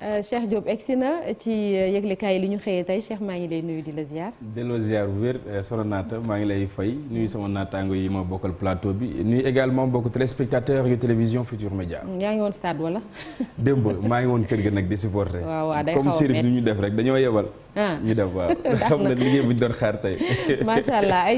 Euh, Cheikh egg si na ci euh, yëglekaay yi li ñu xëyee tey Cheikh maa ngi lay nuyu di la ziar. delloo ziar bu wér euh, soxna maa ngi lay fay nuyu sama naataango yi ma bokkal plateau bi nuyu également mbokki téléspectateur yu télévision Futur Média. Mm, yaa ngi woon stade wala. démb maa ngi woon kër gi nag di supporter. waaw waaw day xaw a métti comme sirif bi ñu def rek dañoo yebal. Ah. ñu dem waaw xam na liggéey bu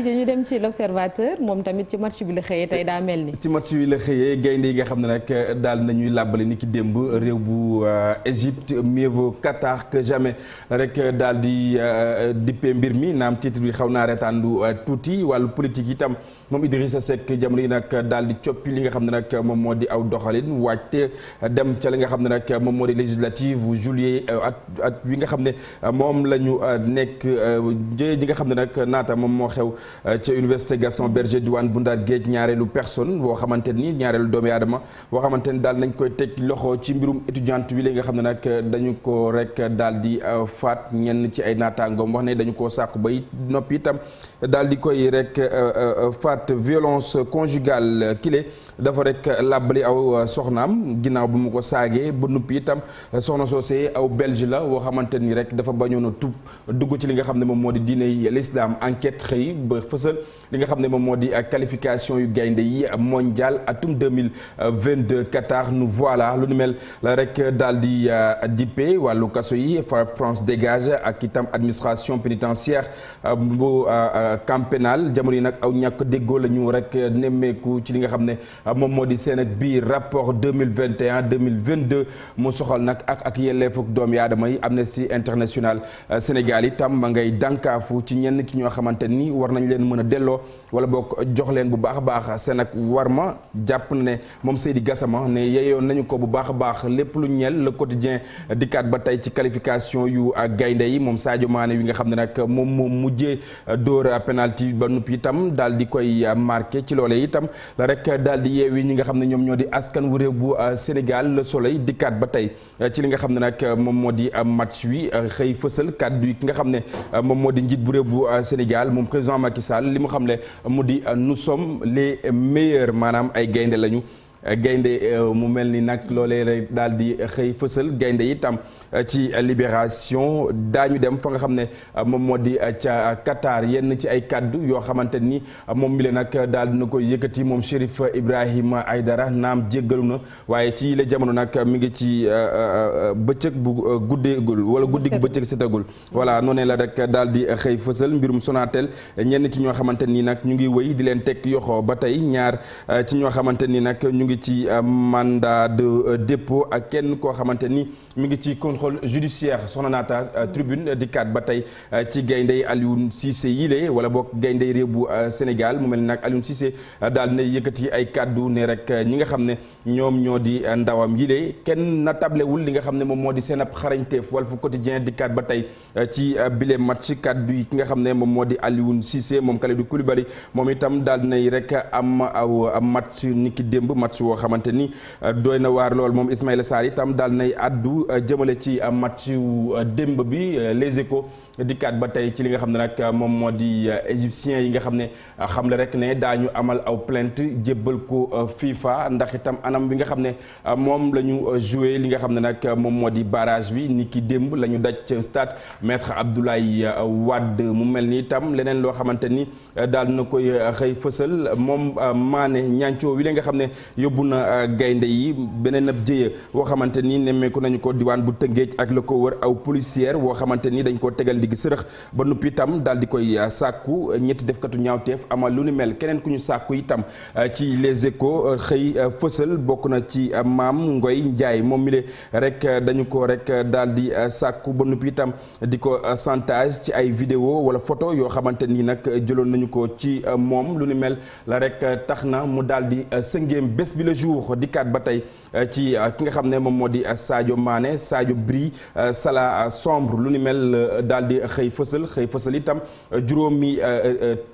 ñu doon ci l'observateur moom tamit ci match bi la xëyee tey daa mel ni. ci match bi la xëyee gaynde yi nga xam ne nag daal nañuy làbbali ni ki démb réew bu euh, Égypte mieux vaut Qatar que jamais rek euh, daal di euh, dippe mbir mi naam titre bi xaw naa retaan lu tuuti wàllu politique itam moom Idrissa Seck jamono yi nag daal di coppi li nga xam ne nag moom moo di aw doxalin waajte dem ca li nga xam ne nag moom moo di législative juillet at at wi nga xam ne moom la ñu euh, nekk jëye euh, ji nga xam ne nag naata moom moo xew euh, ca université Gaston Berger diwaan bu Ndar géej ñaareelu personne boo xamante ni ñaareelu doomi aadama boo xamante ni daal nañ koy teg loxo ci mbirum étudiante bi li nga xam ne nag dañu ko rek daal di faat ñenn ci ay naataangoom wax ne dañu koo sàkku bay noppi itam daal di koy rek faat violence conjugale kile dafa rek làbbali aw soxnaam ginnaaw bu mu ko saagee ba noppi itam soxna soosee aw belge la loolu tub dugg ci li nga xam ne moom moo di dina yi l'islam enquête xëy ba fësal li nga xam ne moom moo di qualification yu gaynde yi mondial atum 2022 Qatar nous voilà lu nu mel rek daal di euh, dippe wàllu kaso yi France dégage ak itam administration pénitentiaire euh, bu euh, camp pénal jamono yi nag aw ñàkk déggoo la ñu rek nemmeeku ci li nga xam ne moom moo di seen ak biir rapport 2021 2022 mu soxal nag ak ak yelleefuk doomu aadama yi Amnesty International Euh, Sénégal itam ma ngay dànkaafu ci ñenn ki ñoo xamante nii war nañ leen mën a delloo wala boog jox leen bu baax a baax seen ak war ma jàpp na ne moom Seydi Gassama ne yeyoon nañu ko bu baax a baax lépp lu ñeel le quotidien dikkaat ba tey ci qualification yu gaynde yi moom Sadio Mané wi nga xam ne nag moom moom mujjee dóor penalty ba noppi itam daal di koy marqué ci loolee itam rek daal di yeewi ñi nga xam ne ñoom ñoo di askan wu réew bu euh, Sénégal la soleil dikkaat ba tey ci li nga xam ne nag moom moo di match wi euh, xëy fësal dëggal kàddu yi ki nga xam ne euh, moom moo di njiit bu réew bu euh, Sénégal moom président Macky Sall li mu xam ne euh, mu di nous sommes les meilleurs maanaam ay gaynde lañu gaynde euh, mu mel ni nag loole rek daal di xëy fësal gaynde itam euh, ci libération daañu dem fa nga xam ne euh, moom moo di ca Qatar yenn ci ay kàddu yoo xamante ni moom mi le nag daal na koy yëkkati moom Chérif ay dara naam jéggalu na waaye ci la jamono nag mi ngi ci bëccëg bu guddeegul wala guddi bëccëg setagul voilà noonu la rek daal di xëy fasal mbirum sonaateel ñenn ci ñoo xamante nii nag ñu ngi wëy di leen tekk yoxoo ba tey ñaar ci ñoo xamante ngi ci euh, mandat de euh, dépôt ak kenn koo xamante ni mi ngi ci contrôle judiciaire soxna naata euh, tribune di kat ba tey ci gayndey Alioune Cissé yile wala boog gayndey réew bu Sénégal mu mel nag Alioune Cissé daal na yëkkati ay kàddu ne rek ñi nga xam ne ñoom ñoo di ndawam yile kenn na li nga xam ne moom moo di seen ab xarañteef Walf Quotidien di kat ba tey ci bile match kàddu yi ki nga xam ne moom moo di Alioune Cissé moom Kalidou Koulibaly moom itam daal nay rek am aw match niki démb match match woo xamante ni euh, doy na waar loolu moom Ismaïla Sarr itam daal nay àddu euh, jëmale ci euh, mat wu démb bi les ko dikkaat ba tey ci li nga xam ne nag moom moo di euh, égyptiens yi nga xam ne euh, xamle rek ne daañu amal aw plainte jébbal ko euh, FIFA ndax itam anam bi nga xam ne moom la ñu joué li nga xam ne nag moom moo di barrage bi ni ki démb la ñu daj stade maître Abdoulaye Wade mu mel ni itam leneen loo xamante ni daal na koy xëy fësal moom maane ñancoo wi la nga xam ne yóbbu na gaynde yi beneen ab jëye woo xamante ni nemmeeku nañu ko diwaan bu tëngeej ak la ko wër aw policière woo xamante ni dañ koo tegal di digg sërëx ba nuppi itam daal di koy euh, sàkku euh, ñetti defkatu ñaawteef amal lu ni mel keneen ku ñu sàkku itam euh, ci les échos xëy fësal bokk na ci maam Ngoy Njaay moom mi le rek dañu ko rek daal di sàkku ba nuppi itam di ko chantage ci ay vidéo wala photo yoo xamante nii nag jëloon nañu ko ci moom lu ni mel la rek tax na mu daal di sëngeem bés bi la jour dikkaat ba tey ci euh, ki nga xam ne moom moo di euh, Sadio maane Sadio Bri euh, Salah Sombre lu nu mel daal di xëy fësal xëy fësal itam juróomi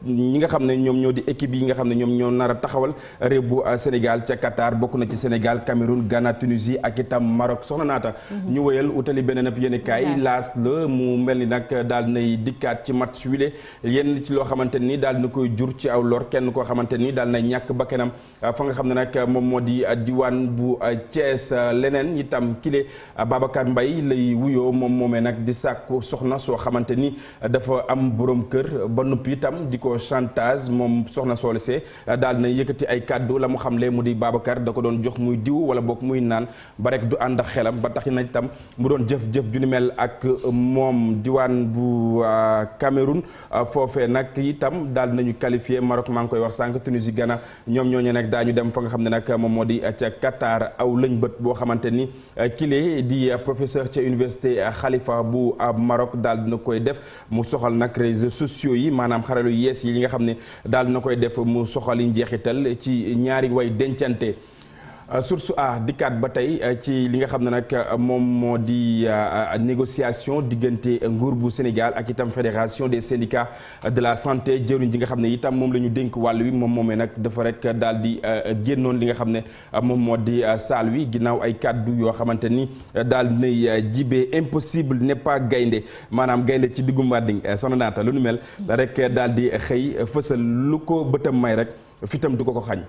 ñi nga xam ne ñoom ñoo di équipe yi nga xam ne ñoom ñoo nar a taxawal réew bu Sénégal ca Qatar bokk na ci Sénégal Cameroun Ghana Tunisie ak itam Maroc soxna naata. Mhm. ñu wëyal utali beneen ab yéen kaay laas la mu mel ni nag daal nay dikkaat ci match wile yenn ci loo xamante nii daal na koy jur ci aw lor kenn koo xamante ni daal na ñàkk bakkanam fa nga xam ne nag moom moo di diwaan Thiès euh, leneen itam kile euh, Babacar mbay lay wuyoo moom moomee nag di sàkku soxna soo xamante ni euh, dafa am boroom kër ba noppi itam di ko chantage moom soxna soo lesee daal na yëkkati ay kàddu la mu xamle mu di Babacar da ko doon jox muy diw wala boog muy naan ba rek du ànd ak xelam ba tax na itam mu doon jëf-jëf ju ni mel ak moom diwaan bu Cameroun foofee nag itam daal nañu qualifié Maroc maa ngi koy wax sànq Tunisie Ghana ñoom ñooñu nag daañu aw lëñbët boo xamante ni euh, kile di euh, professeur ca université xalifa euh, bu Maroc daal dina koy def mu soxal nag réseaux sociaux yi maanaam xaralu yees yi nga xam ne daal dina koy def mu soxali njeexital ci ñaari way dencante Euh, source a dikkaat ba tey euh, ci li nga xam ne nag euh, moom moo di négociation diggante nguur bu Sénégal ak itam fédération des syndicats de la santé jëriñ ji nga xam ne itam moom la ñu dénk wàll wi moom moomee nag dafa rek daal di génnoon li nga xam ne moom moo di saal wi ginnaaw ay kàddu yoo xamante ni daal nay jibee impossible n'est pas gaynde maanaam gaynde ci diggu mbàdding sono naata lu nu mel rek daal di xëy fësal lu ko bëtam may rek fitam du ko ko xañ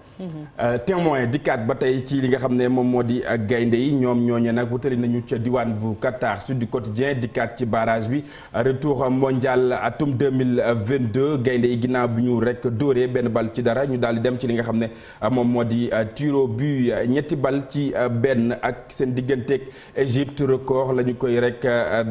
euh, témoin dikkaat ba tey ci li nga xam ne moom moo di euh, gaynde yi ñoom ñooñe nag wutali nañu ca diwaan bu Qatar Sud du Quotidien dikkaat ci barage bi euh, retour mondial atum 2022 gaynde yi ginnaaw bi ñu rek dóoree benn bal ci dara ñu daal di dem ci li nga xam ne moom moo di tiro bu ñetti bal ci benn ak seen digganteeg Égypte record la ñu koy rek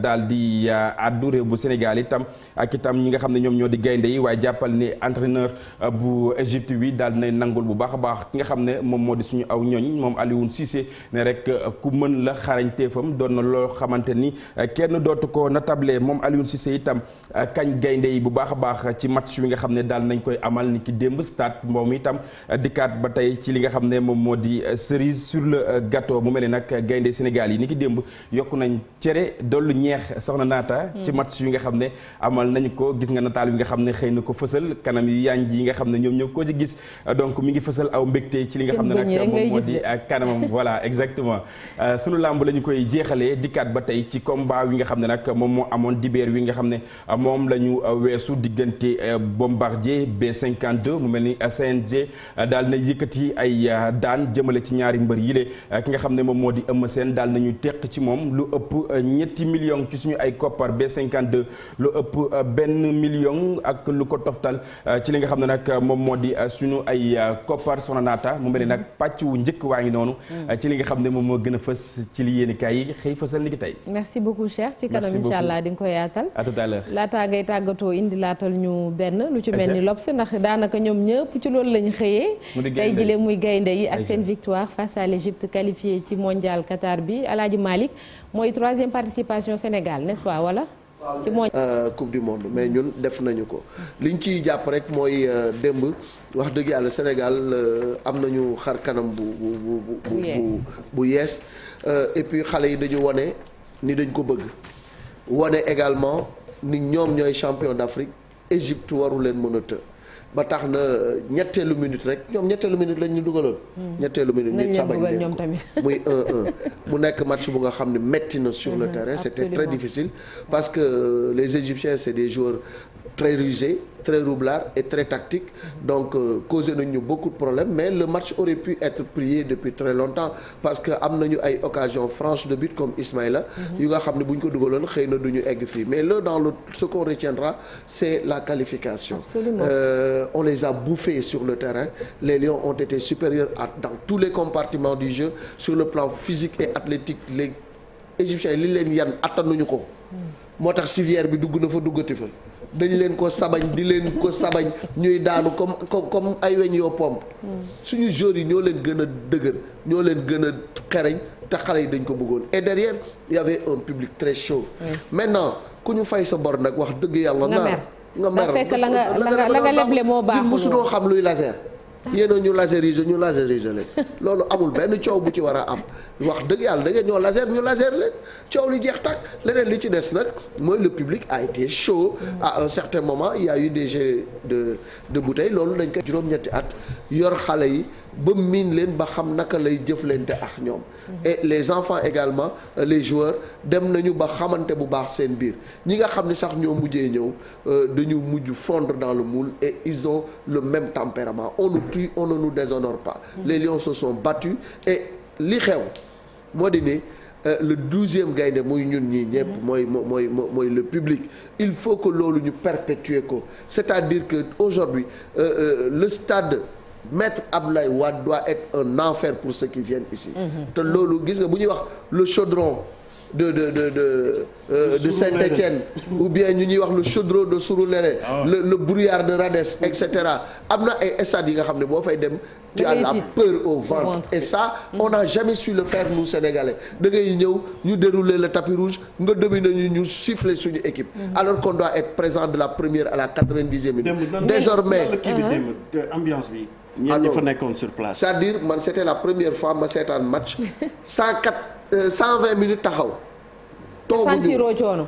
daal di addu réew bu Sénégal itam ak itam ñi nga xam ne ñoom ñoo di gaynde yi waaye jàppal ni entraîneur bu Égypte bi bi daal dinay nangul bu baax a baax ki nga xam ne moom moo di suñu aw ñooñ moom Alioune Cissé ne rek euh, ku mën la xarañteefam doon na loo xamante ni euh, kenn dootu ko natable moom Alioune Cissé itam euh, kañ gaynde yi bu baax baax ci match bi nga xam ne daal nañ koy amal ni ki démb stade moom itam dikkaat ba tey ci li nga xam ne moom moo di cerise sur le gâteau mu mel ne nag gaynde Sénégal yi ni ki démb yokk nañ cere dollu ñeex soxna naata ci hmm. match yi nga xam ne amal nañ ko gis nga nataal bi nga xam ne xëy na ko fësal kanam yi yi nga xam ne gis euh, donc mi ngi fësal aw mbégte ci li nga xam ne nag moom moo di euh, kanamam voilà exactement euh, sunu làmb la ñu koy jeexalee dikkaat ba tey ci combat wi nga xam ne nag moom moo amoon dibeer wi nga xam ne moom la ñu weesu diggante bombardier B52 mu mel ni CNG daal na yëkkati ay daan jëmale ci ñaari mbër yi ki nga xam ne moom moo di Eumeu seen daal nañu teq ci moom lu ëpp ñetti million ci suñu ay koppar B52 lu ëpp benn million ak lu ko toftal ci li nga xam ne nag moom moo di suñu ay euh, koppar soxna naata mu mel ni nag mm-hmm. pàcc wu njëkk waa ngi noonu mm. euh, ci li nga xam ne moom moo gën a fës ci li yéeni kaay yi xëy fësal ni ki tey merci beaucoup Cheikh ci kanam incha allah di nga ko yaatal à tout ngay tàggatoo indi laatal ñu benn lu ci mel ni lobs ndax daanaka ñoom ñëpp ci loolu lañ xëyee tey jile muy gaynde yi ak seen victoire face à l'Égypte qualifiée ci mondial Qatar bi Alaaji Malick mooy troisième participation Sénégal n'est-ce pas wala ci euh, coupe du monde mais ñun def nañu ko liñ ciy jàpp rek mooy euh, démb wax dëgg yàlla Sénégal euh, am nañu xar kanam bu bu bu bu bu yees et puis xale yi dañu wane ni dañ ko bëgg wane également nit ñoom ñooy champion d'Afrique Égypte waru leen mën a të ba tax na ñetteelu minute rek ñoom ñetteelu minute lañ ñu dugaloon. Hmm. ñetteelu minute ñu sabañ leen ko muy 1-1 mu nekk match bu nga xam ne metti na sur le hmm, terrain. c'était très difficile parce que les Égyptiens c'est des joueurs. très rusé très roublard et très tactique donc euh, causé nañu beaucoup de problèmes mais le match aurait pu être plié depuis très longtemps parce que am nañu ay occasion franche de but comme Ismaïla mhm. yu nga xam ne bu ñu ko dugaloon xëy na duñu egg fii mais là dans le ce qu'on retiendra c'est la qualification euh, on les a bouffés sur le terrain les Lions ont été supérieurs à dans tous les compartiments du jeu sur le plan physique et athlétique les Égyptiens li leen yan attanuñu ko mm. moo tax civière bi dugg na fa duggati dañ leen ko sabañ di leen ko sabañ ñuy daanu comme comme comme ay weñ yoo pomp suñu joueurs yi ñoo leen gën a dëgër ñoo leen gën a xereñ te xale yi dañ ko bëggoon et derrière y avait un public très chaud maintenant ku ñu fay sa bor nag wax dëgg yàlla. nga mer nga mer la nga la nga leble moo baax ñun mosu doo xam luy laser. yéen ñu laserise ñu laserise leen loolu amul benn coow bu ci war a am wax dëgg yàlla da ngeen ñoo laser ñu laser leen coow li jeex tàkk leneen li ci des nag mooy le public a été chaud à certain moment il y a eu des jets de de bouteilles loolu dañ koy juróom-ñetti at yor xale yi ba miin leen ba xam naka lay jëflante ak ñoom. Mhm. et les enfants également euh, les joueurs dem nañu ba xamante bu baax seen biir ñi nga xam ni sax ñoo mujjee ñëw euh, dañu mujj fondre dans le moule et ils ont le même tempérament on nous tue on ne nous déshonore pas. Mhm. les lions se sont battus et li xew moo di ne. Euh, le douzième gaynde muy ñun ñii ñëpp mhm. mooy mooy mooy le public il faut que loolu ñu perpétuer ko c'est-à-dire que aujourd'hui euh, euh, le stade maître Abdoulaye Wade doit être un enfer pour ceux qui viennent ici. Mhm. te loolu gis nga bu ñuy wax le chaudron. de de de de euh, de Saint-Étienne ou bien ñu ñuy wax le chaudron de Sourouléré ah le le brouillard de Radès et cetera am na ay stades yi nga xam ne boo fay dem tu as la peur au ventre et ça mhm. on n'a jamais su le faire nous Sénégalais da ngay ñëw ñu dérouler le tapis rouge nga dominer ñu ñu siffler suñu équipe mhm. alors qu'on doit être présent de la première à la quatre-vingt-dixième ñenn ñi fa nekkoon sur place. c'est-à-dire man c'était la première fois ma seetaan match cent quatre euh, cent vingt minutes taxaw. tooguñu sentiroo coono.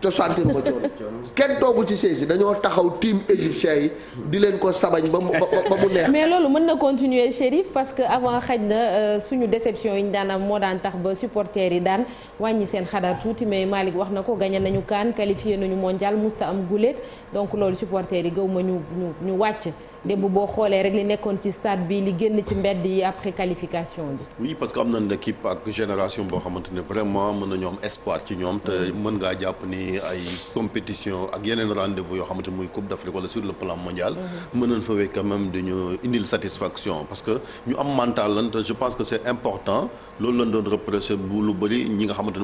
te sentir ma coono kenn toogul ci saisi dañoo taxaw team égyptien yi di leen ko sabañ ba mu ba neex. mais loolu mën na continuer Chérif parce que avant xaj na euh, suñu déception yi ñu daan am moo daan tax ba supporters yi daan wàññi seen xadar tuuti mais Malick wax na ko gagné nañu kaan qualifié nañu mondial musta am guléet donc loolu supporters yi gëw ma ñu ñu ñu wàcc. démb boo xoolee rek li nekkoon ci stade bi li génn ci mbedd yi après qualification bi. oui parce que am nañ équipe ak génération boo xamante ne vraiment mën nañoo am espoir ci ñoom. te mën ngaa jàpp ni ay compétition ak yeneen rendez-vous yoo xamante muy Coupe d'Afrique wala sur le plan mondial. Mhm. mën nañ fa wéy quand même dañu indil satisfaction parce que ñu am mental lan te je pense que c'est important loolu lañ doon reproché bu lu bëri ñi nga xamante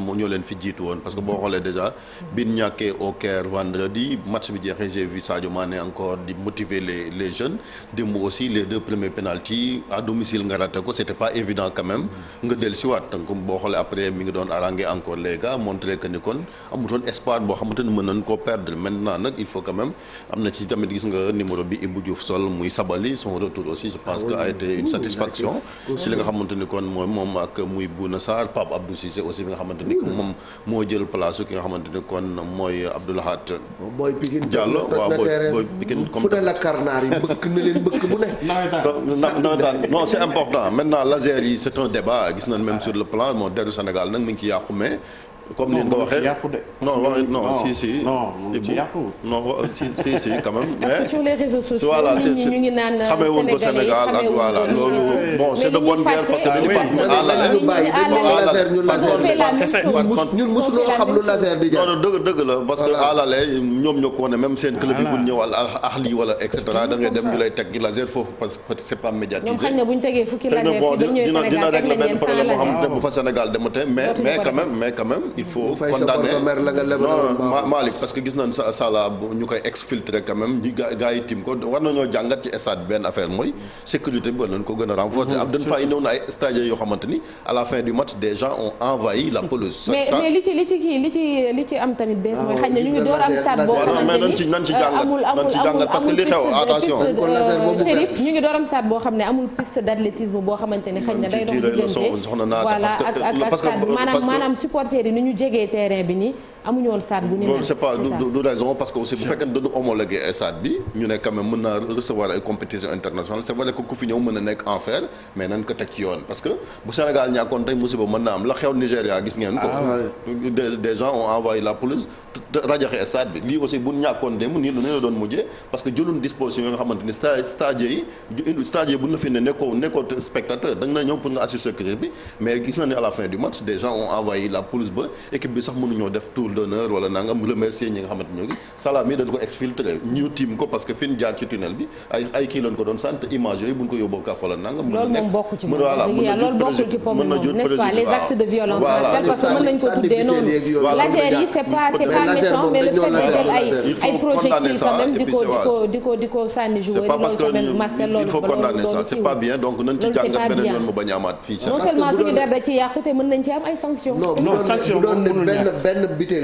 jël démb aussi les deux premiers penalty à domicile nga raté ko c' pas évident quand même nga dellu siwaat donc boo xoolee après mi ngi doon arranger encore les gars montré que ni amutoon espoir boo xamante mën nañ nag il faut quand même am na ci tamit gis nga numéro bi Ibou Diouf sol muy Sabali son retour aussi je pense ah que a été une satisfaction si li nga xamante ni kon mooy moom ak muy Bouna Sarr Pape Abdou Cissé aussi bi nga xamante ni moo mbëkk na leen mbëkk bu ne. nawetaan nawetaan non c' est important maintenant laser yi c' est un débat gis nañ même sur le plan bon deru Sénégal nag mi ngi ci yàqu mais. comme ni ko waxee non non si si. non non si si si quand même. mais sur les réseaux sociaux. voilà c' est euh, ko Sénégal ak voilà loolu. bon c' est de bonne guerre parce que dañu fàttali ne ñun mosuloo xam lu laser da ngay dem ñu lay teg ci laser que c' est pas médiatisé. xëy na bon dina dina régler benn problème boo xamante mais mais mais il faut condamner non Malick parce que gis nañ sa Salah ñu koy exfiltrer quand même ñu gars ko war nañoo jàngat ci stade benn affaire mooy sécurité bi war nañ ko gën a renforcer am dañ faa indoon ay stagiaires yoo xamante ni la fin du match des gens ont la pelouse mais li ci li ci kii li ci li ci am tamit bees mooy ah, xëy na ñu ngi door am stade boo xamante ni nañ euh, ci jàngat parce que li xew attention Chérif ñu ngi door am stade boo xam ne amul piste d'athlétisme boo xamante ni xëy na day ñu jegee terrain bi nii amuñu woon stade bu ni mel c'est pas du raison parce que aussi bu fekkee dañu homologué stade bi ñu ne quand même mën naa recevoir ay compétition internationale c'est vrai que ku fi ñëw mën a nekk en fer mais nañ ko teg ci yoon parce que bu Sénégal ñàkkoon tey musiba mën naa am la xew Nigéria gis ngeen ko ah, des gens ont envoyé la police rajaxe stade bi lii aussi bu ñàkkoon démb nii la doon mujjee parce que jëlun disposition yi nga xamante ni stade yi stade yi bu na fi ne nekkoo nekkoo spectateur da nga na ñëw pour nga assister bi mais gis na ne à la fin du match des gens ont envoyé la police ba équipe bi sax mënuñoo def tour d'honneur wala nangam remercier ñi nga xamante ñoo ngi salaam yi dañ ko exfiltré ñu tiim ko parce que fi ñu ci tunnel bi ay ay ko doon sant image yooyu buñ ko yóbboo kaaf wala nangam mën na nekk voilà mën na jur préjudice ci jàngat beneen yoon mu bañ a amaat fii non seulement suñu dara ci yàqu te mën nañ ci am ay sanctions non benn benn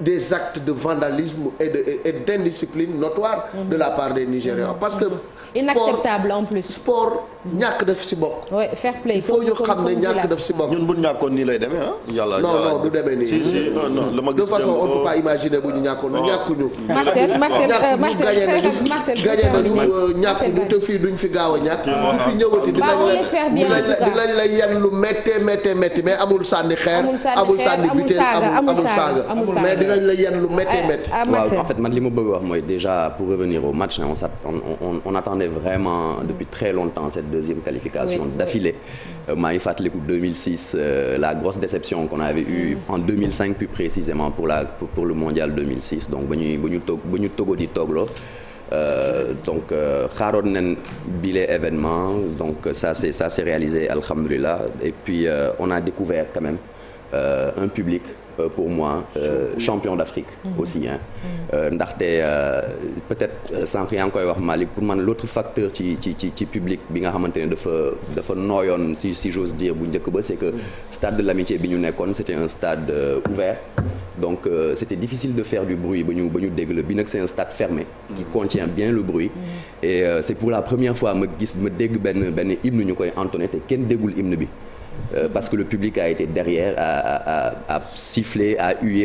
des actes de vandalisme et d'indiscipline notoire mm-hmm. de la part des Nigérians mm-hmm. parce que mm-hmm. inacceptable en plus sport ñàkk def ci bokk fair play il faut ñu xam ne ñàkk def ci bokk ñun bu ah. du demee nii ah, de façon on ne peut pas imaginer bu ñu ñàkkoon ah. ñu euh, ñàkkuñu Marcel gañe nañu euh, ñàkkuñu te fii duñ fi gaaw a ñàkk bu fi ñëwati dinañ la dinañ lu méttee méttee métti mais amul sànni xeer amul sànni butéel amul saaga dinañ la eh, ah, waaw en fait li ma bëgg wax mooy déjà pour revenir au match on on attendait vraiment depuis très longtemps cette deuxième qualification oui, d'affilée. Euh, maa ngi fàttaliku 2006 euh, la grosse déception qu'on avait eue mm. en 2005 plus précisément pour la pour, pour le mondial 2006 donc ba ñu toog ba ñu togo di toogloo. Euh, donc euh, xaaroon euh, nañ bile donc ça c'est ça s'est réalisé alhamdulillah et puis euh, on a découvert quand même euh, un public Euh, pour moi euh, champion d'Afrique mm-hmm. aussi hein mm-hmm. euh, ndaxte peut-être sànq yaa ngi koy wax Malick pour man l'autre facteur ci ci ci ci public bi nga xamante ne dafa dafa nooyoon si si j'ose dire bu njëkk ba c'est que mm-hmm. stade de l'amitié bi ñu nekkoon c'était un stade ouvert donc c'était difficile de faire du bruit ba ñu ba ñu dégg la bi nag c'est un stade fermé qui contient bien le bruit et c'est pour la première fois ma gis ma dégg benn benn hymne ñu koy entonné te kenn déggul hymne bi euh, parce que le public a été derrière, a, a, a, sifflé,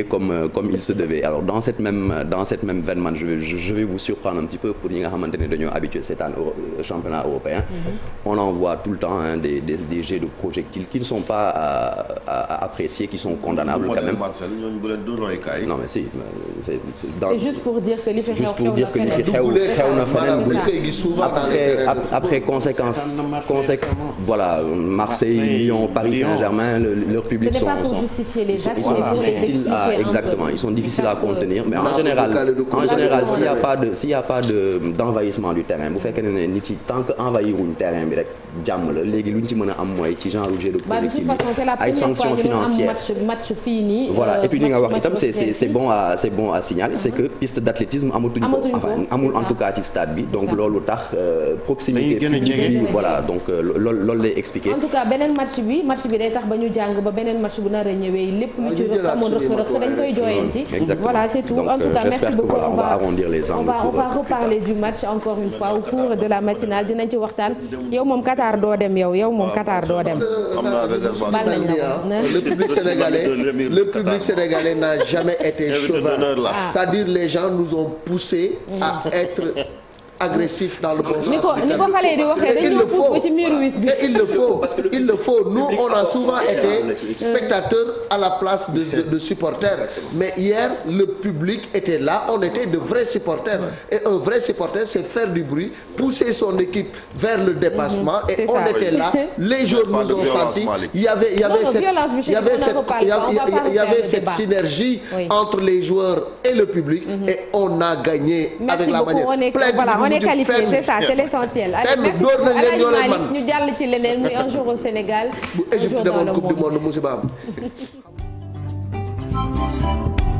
comme, euh, comme il se devait. Alors dans cette même, dans je vais, vous surprendre un petit peu pour ñi nga xamante ne dañoo euh, championnat européen. Mm-hmm. On en tout le temps des, des, des jets de projectiles qui ne sont pas euh, à, à apprécier, qui sont condamnables quand même. Non après après voilà Marseille Lyon Lyon, Paris Saint-Germain, le, leur public sont. Pas pour sont, justifier les actes, ils sont, voilà. difficiles à, exactement, ils sont difficiles à contenir. mais en général en y a pas de s'il y a pas de d'envahissement du terrain bu fekkee ne nit yi tant que envahir wuñ terrain bi rek jàmm la léegi lu ñu ci mën a am mooy ci genre jet de projectile ay sanctions voilà euh, et puis li nga wax en tout cas ci stade bi donc loolu tax euh, proximité publique bi voilà donc euh, loolu loolu lay bi match bi day tax ba ñu jàng ba beneen match bu nar a ñëwee lépp lu ah, ci rëkk amoon rëkk rëkk dañ koy jooyanti voilà c'est tout en tout cas euh, merci beaucoup on va on va euh, reparler du match encore une fois au cours de la matinale dinañ ci waxtaan yow moom Qatar doo dem yow yow moom Qatar doo dem euh, le public sénégalais n'a jamais été chauvin ah. c'est-à-dire les gens nous ont poussé mm. à être agressif dans le bon sens du terme. ni ko xale yi di et il le faut il nous on a souvent été spectateurs à la place de de, de supporters mais hier le public était là on était de vrais supporters et un vrai supporter c'est faire du bruit pousser son équipe vers le dépassement mm-hmm. et on était là les joueurs nous ont senti il y avait cette synergie entre les joueurs et le public mm-hmm. et on a gagné avec la manière on est qualifié c'est ça c'est l'essentiel. allez merci ñu jàll ci leneen muy un jour au Sénégal. bu Égypte demoon coupe du monde musiba